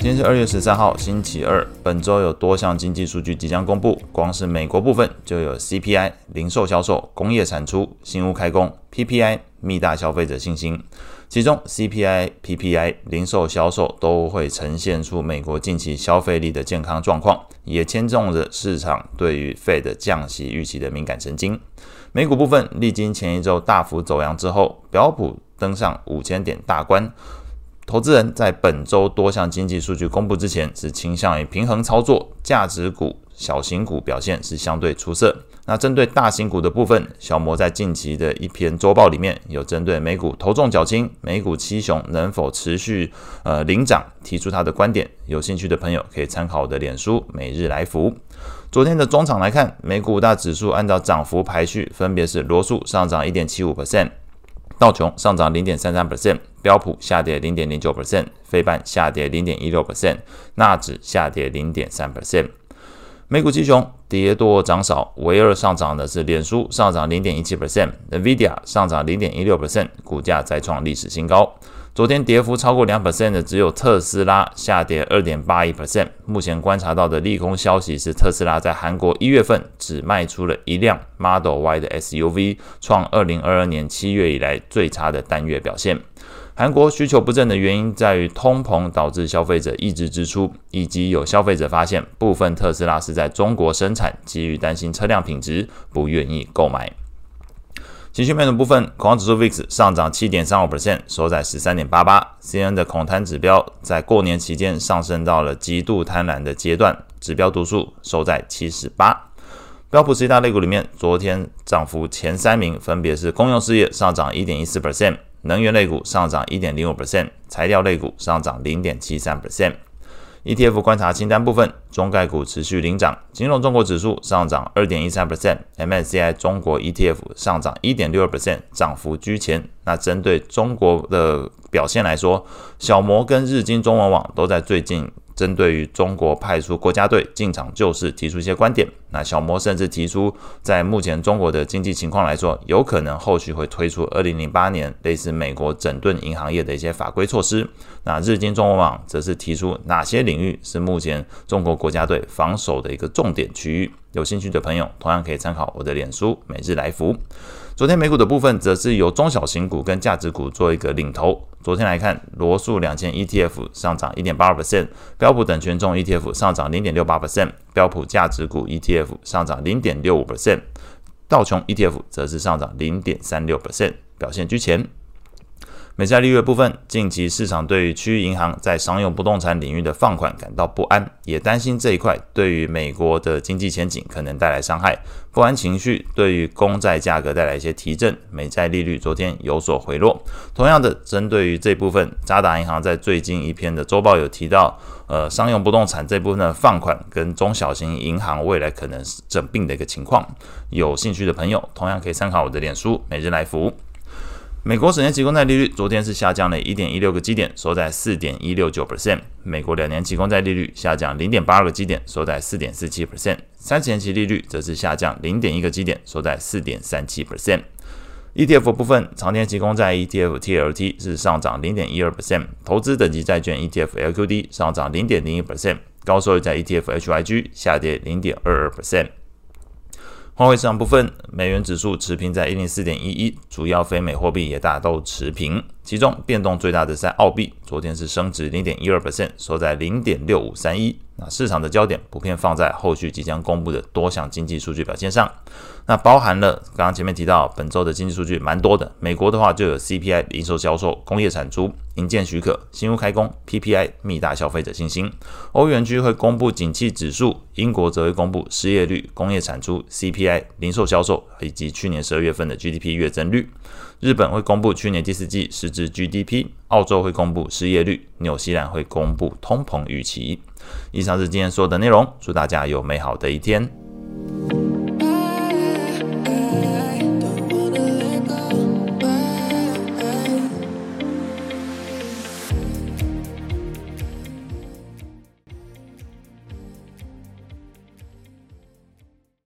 今天是二月十三號，星期二。本週有多項經濟數據即將公布，光是美國部分就有 CPI、零售銷售、工業產出、新屋開工、PPI、密大消費者信心。其中 CPI、PPI、零售銷售都會呈現出美國近期消費力的健康狀況，也牽動着市場對於 Fed 降息預期的敏感神經。美股部分歷經前一週大幅走揚之後，標普登上五千點大關。投資人在本周多項經濟數據公布之前是傾向於平衡操作，價值股、小型股表現是相對出色。那針對大型股的部分，小摩在近期的一篇周報裡面有針對美股頭重腳輕、美股七雄能否持續呃領漲，提出他的觀點。有興趣的朋友可以參考我的臉書每日錸福。昨天的終場來看，美股五大指數按照漲幅排序分別是：羅素上漲一點七五 percent。道瓊上漲零點三三 percent，標普下跌零點零九 percent，費半下跌零點一六 percent，納指下跌零點三 percent。美股七雄跌多漲少，唯二上漲的是臉書上漲零點一七 percent，NVIDIA 上漲零點一六 percent，股價再創歷史新高。昨天跌幅超過兩趴的只有特斯拉，下跌二點八一趴。目前觀察到的利空消息是，特斯拉在韓國一月份只賣出了一輛 Model Y 的 SUV，創二零二二年七月以來最差的單月表現。韓國需求不振的原因在於通膨導致消費者抑制支出，以及有消費者發現部分特斯拉是在中國生產，基於擔心車輛品質，不願意購買。情緒面的部分，恐慌指數 VIX 上漲七點三五 percent，收在十三點八八。CNN 的恐貪指標在過年期間上升到了極度貪婪的階段，指標讀數收在七十八。標普十一大類股裡面，昨天漲幅前三名分別是公用事業上漲一點一四 percent，能源類股上漲一點零五 percent，材料類股上漲零點七三 percent。ETF 觀察清單部分，中概股持續領漲，金龍中國指數上漲二點一三 percent，MSCI 中國 ETF 上漲一點六二 percent，漲幅居前。那針對中國的表現來說，小摩跟日經中文網都在最近針對於中國派出國家隊進場救市提出一些觀點。那小摩甚至提出，在目前中國的經濟情況來說，有可能後續會推出二零零八年類似美國整頓銀行業的一些法規措施。那日經中文網則是提出哪些領域是目前中國國家隊防守的一個重點區域？有興趣的朋友同樣可以參考我的臉書每日錸福。昨天美股的部分則是由中小型股跟價值股做一個領頭。昨天來看，羅素兩千 ETF 上漲一點八二%，標普等權重 ETF 上漲零點六八%，標普價值股 ETF。上漲零點六五 percent, 道瓊 ETF 則是上漲零點三六 percent, 表現居前。美債利率的部分，近期市場對於區域銀行在商用不動產領域的放款感到不安，也擔心這一塊對於美國的經濟前景可能帶來傷害。不安情緒對於公債價格帶來一些提振，美債利率昨天有所回落。同樣的，針對於這部分，渣打銀行在最近一篇的週報有提到，呃，商用不動產這部分的放款跟中小型銀行未來可能是整併的一個情況。有興趣的朋友，同樣可以參考我的臉書，每日錸福。美國十年期公債利率昨天是下降了一點一六個基點，收在四點一六九 percent。美國兩年期公債利率下降零點八二個基點，收在四點四七 percent。三十年期利率則是下降零點一個基點，收在四點三七 percent。ETF 部分，長天期公債 ETF TLT 是上漲零點一二 percent，投資等級債券 ETF LQD 上漲零點零一 percent，高收益債 ETF HYG 下跌零點二二 percent。換匯市場部分，美元指數持平在一零四點一一。主要非美貨幣也大都持平，其中變動最大的在澳幣，昨天是升值零點一二 percent，收在零點六五三一。那市場的焦點普遍放在後續即將公布的多項經濟數據表現上，那包含了剛剛前面提到本周的經濟數據蠻多的，美國的話就有 CPI、零售銷售、工業產出、營建許可、新屋開工、PPI、密大消費者信心，歐元區會公布景氣指數，英國則會公布失業率、工業產出、CPI、零售銷售以及去年十二月份的 GDP 月增率。日本會公布去年第四季實質 GDP，澳洲會公布失業率，紐西蘭會公布通膨預期。以上是今天所有的內容，祝大家有美好的一天。